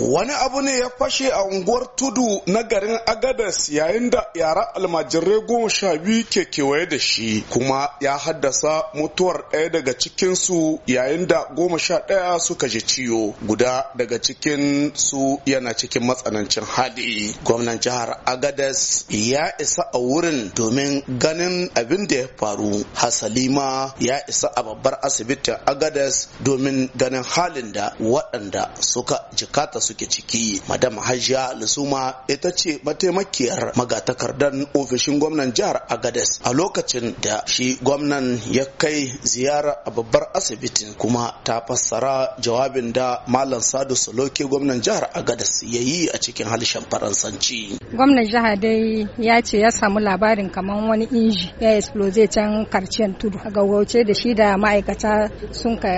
Wani abu ne ya fashe a unguwar tudu na garin Agadas yayin da yara almajirai goma sha biyu ke kewaye da shi kuma ya haddasa mutuwar ɗaya daga cikinsu yayin da goma sha ɗaya suka ji ciwo guda daga cikin su yana cikin matsanancin hali. Gwamnan jihar Agadas ya isa a wurin domin ganin abin da ya faru. Hasalima ya isa a babbar asibitin Agadas domin ganin halin da waɗanda suka jikata suke ciki madam hajiya lusuma ita ce mataimakiyar magatakardan ofishin gwamnan jihar agades a lokacin da shi gwamnan ya kai ziyara a babbar asibitin kuma ta fassara jawabin da malam sadu saloke gwamnan jihar agades ya yi a cikin halishan faransanci gwamnan jiha dai ya ce ya samu labarin kamar wani inji ya explode can karciyar tudu a gaugauce da shi da ma'aikata sun ka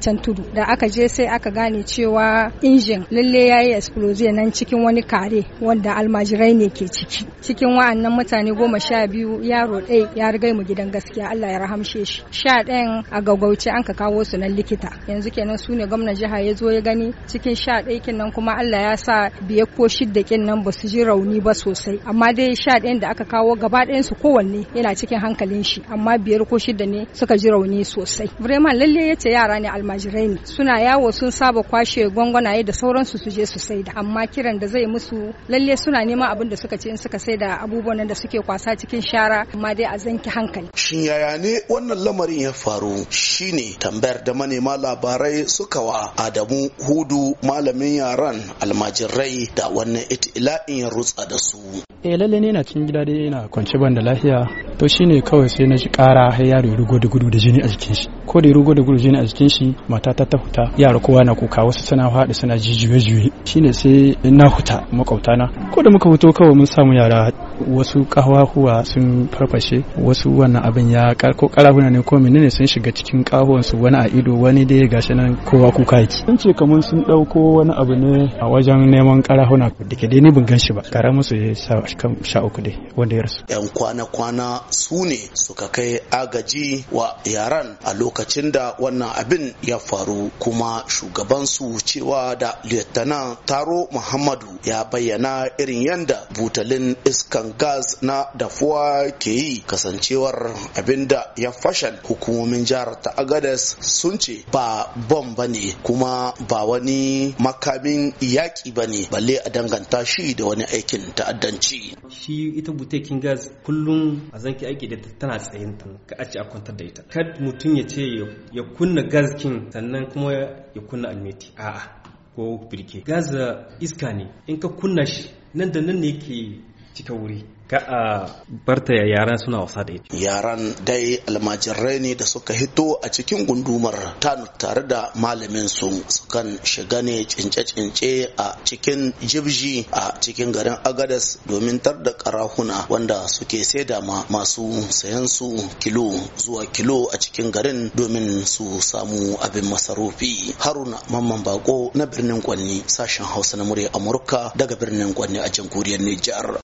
can tudu da aka je sai aka gane cewa injin lalle ya yi explode nan cikin wani kare wanda almajirai ne ke ciki cikin wa'annan mutane goma sha biyu yaro ɗaya ya riga mu gidan gaskiya Allah ya rahamshe shi sha ɗayan a gaugauce an ka kawo su nan likita yanzu kenan su ne gwamnan jiha ya zo ya gani cikin sha ɗaya nan kuma Allah ya sa biyar ko shidda kin nan ba su ji rauni ba sosai amma dai sha ɗayan da aka kawo gaba ɗayan su kowanne yana cikin hankalin shi amma biyar ko shida ne suka ji rauni sosai vraiment lalle yace yara ne almajirai ne suna yawo sun saba kwashe gwangwanaye da sauransu su je su saida amma kiran da zai musu lalle suna neman abin da suka ce in suka saida abubuwan da suke kwasa cikin shara amma dai a zanki hankali shin yaya ne wannan lamarin ya faru shine tambayar da manema labarai suka wa Adamu Hudu malamin yaran almajirai da wannan itila'in ya rutsa da su eh lalle ne na cikin gida dai ina kwance ban da lafiya to shine kawai sai na ji kara har yaro ya rugo da gudu da jini a jikin shi ko da ya rugo da gudu jini a jikin shi mata ta ta huta yara kowa na kuka wasu suna haɗu suna jijiyoyi shine sai na huta makwabtana ko da muka fito kawai mun samu yara wasu kawahuwa sun farfashe wasu wannan abin ya karko karahuna ne ko menene sun shiga cikin kahuwan su wani a ido wani dai gashi nan kowa kuka yake sun ce kamar sun dauko wani abu ne a wajen neman karahuna da ke dai ni ganshi ba kara musu ya sha uku dai wanda ya rasu yan kwana kwana su ne suka kai agaji wa yaran a lokacin da wannan abin ya faru kuma shugabansu cewa da lieutenant taro muhammadu ya bayyana irin yanda butalin iskan gas na dafuwa ke yi kasancewar abinda ya fashal hukumomin jihar ta agades sun ce ba bom ba ne kuma ba wani makamin yaƙi ba ne balle a danganta shi da wani aikin ta'addanci shi ita butekin gas kullum a zanki aiki da tana tsayin ta ka a ce a kwantar da ita kad mutum ya ce ya kunna gas kin sannan kuma ya kunna almeti a'a ko birke gaza iska ne in ka kunna shi nan da nan ne ke cika wuri ka a barta yaran suna wasa da ita yaran dai almajirai ne da suka hito a cikin gundumar ta tare da malamin su sukan shiga ne cince-cince a cikin jibji a cikin garin agadas domin tar da karahuna wanda suke saida ma masu sayan su kilo zuwa kilo a cikin garin domin su samu abin masarufi haruna mamman bako na birnin kwanni sashen hausa na murya amurka daga birnin kwanni a jamhuriyar nijar